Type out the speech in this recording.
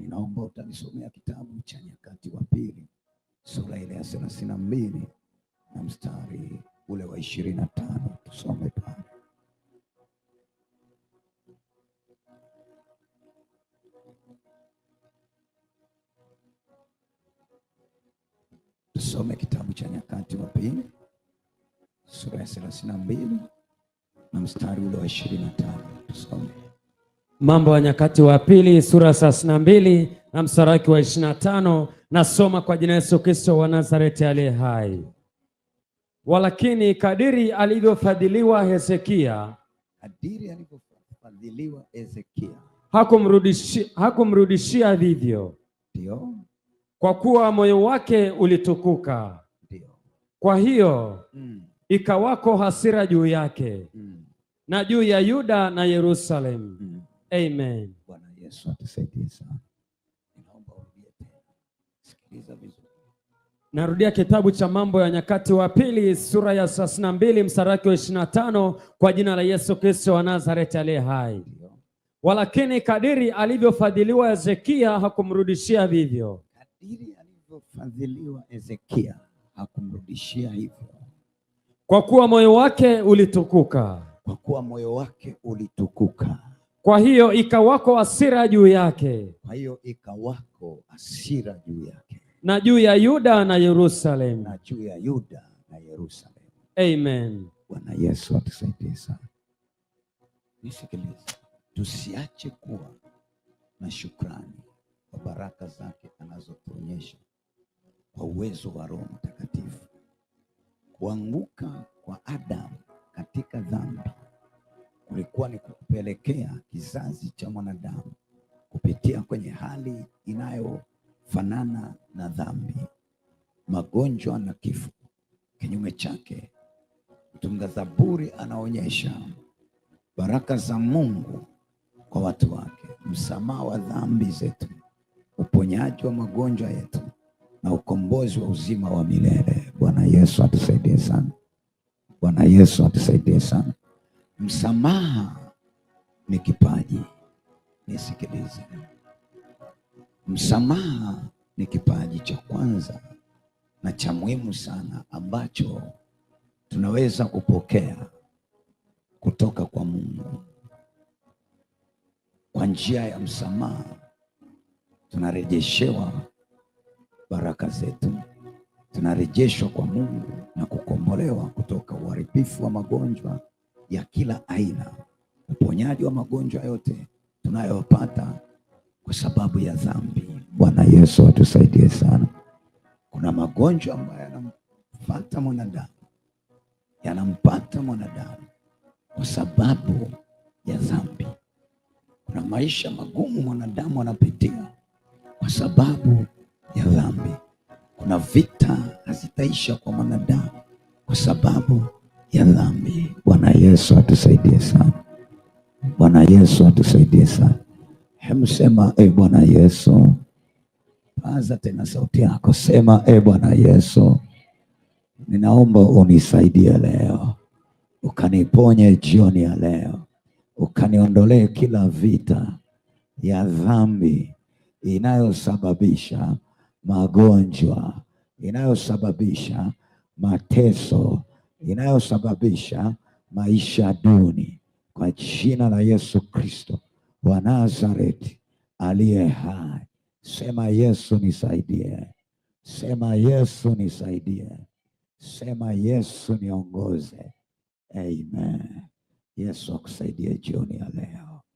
ninaomba utanisomea kitabu cha Nyakati wa Pili sura ile ya thelathini na mbili na mstari ule wa ishirini na tano tusome pale. Tusome kitabu cha Nyakati wa Pili sura ya thelathini na mbili na mstari ule wa ishirini na tano tusome. Mambo ya Nyakati wa Pili sura ya thelathini na mbili na msaraki wa ishirini na tano nasoma kwa jina Yesu Kristo wa Nazareti aliye hai. Walakini kadiri alivyofadhiliwa Hezekia, kadiri alivyofadhiliwa Hezekia hakumrudishia hakumrudishia vivyo, ndio kwa kuwa moyo wake ulitukuka, ndio kwa hiyo mm. ikawako hasira juu yake mm. na juu ya Yuda na Yerusalemu mm. Amen. Bwana Yesu atusaidie sana. Ninaomba urudie tena. Sikiliza vizuri. Narudia kitabu cha Mambo ya Nyakati wa Pili sura ya thelathini na mbili mstari wa ishirini na tano kwa jina la Yesu Kristo wa Nazareti aliye hai. Walakini kadiri alivyofadhiliwa Hezekia hakumrudishia vivyo. Kadiri alivyofadhiliwa Hezekia hakumrudishia hivyo. Kwa kuwa moyo wake ulitukuka. Kwa kuwa moyo wake ulitukuka. Kwa hiyo ikawako hasira juu yake. Kwa hiyo ikawako hasira juu yake, na juu ya Yuda na Yerusalemu, na juu ya Yuda na Yerusalemu. Amen. Bwana Yesu atusaidie sana. Nisikilize, tusiache kuwa na shukrani kwa baraka zake anazotuonyesha kwa uwezo wa Roho Mtakatifu. Kuanguka kwa Adamu katika dhambi ulikuwa ni kupelekea kizazi cha mwanadamu kupitia kwenye hali inayofanana na dhambi, magonjwa na kifo. Kinyume chake, mtunga Zaburi anaonyesha baraka za Mungu kwa watu wake, msamaha wa dhambi zetu, uponyaji wa magonjwa yetu na ukombozi wa uzima wa milele. Bwana Yesu atusaidie sana. Bwana Yesu atusaidie sana. Msamaha ni kipaji, nisikilize. Msamaha ni kipaji cha kwanza na cha muhimu sana ambacho tunaweza kupokea kutoka kwa Mungu. Kwa njia ya msamaha tunarejeshewa baraka zetu, tunarejeshwa kwa Mungu na kukombolewa kutoka uharibifu wa magonjwa ya kila aina, uponyaji wa magonjwa yote tunayopata kwa sababu ya dhambi. Bwana Yesu atusaidie sana. Kuna magonjwa ambayo yanampata mwanadamu, yanampata mwanadamu kwa sababu ya dhambi. Kuna maisha magumu mwanadamu anapitia kwa sababu ya dhambi. Kuna vita hazitaisha kwa mwanadamu kwa sababu ya dhambi. Bwana Yesu atusaidie sana. Bwana Yesu atusaidie sana. Hebu sema e Bwana Yesu. Paza tena sauti yako, sema e Bwana Yesu, ninaomba unisaidie leo, ukaniponye jioni ya leo, ukaniondolee kila vita ya dhambi inayosababisha magonjwa, inayosababisha mateso inayosababisha maisha duni, kwa jina la Yesu Kristo wa Nazareti aliye hai. Sema Yesu nisaidie, sema Yesu nisaidie, sema Yesu niongoze. Amen. Yesu akusaidie jioni ya leo.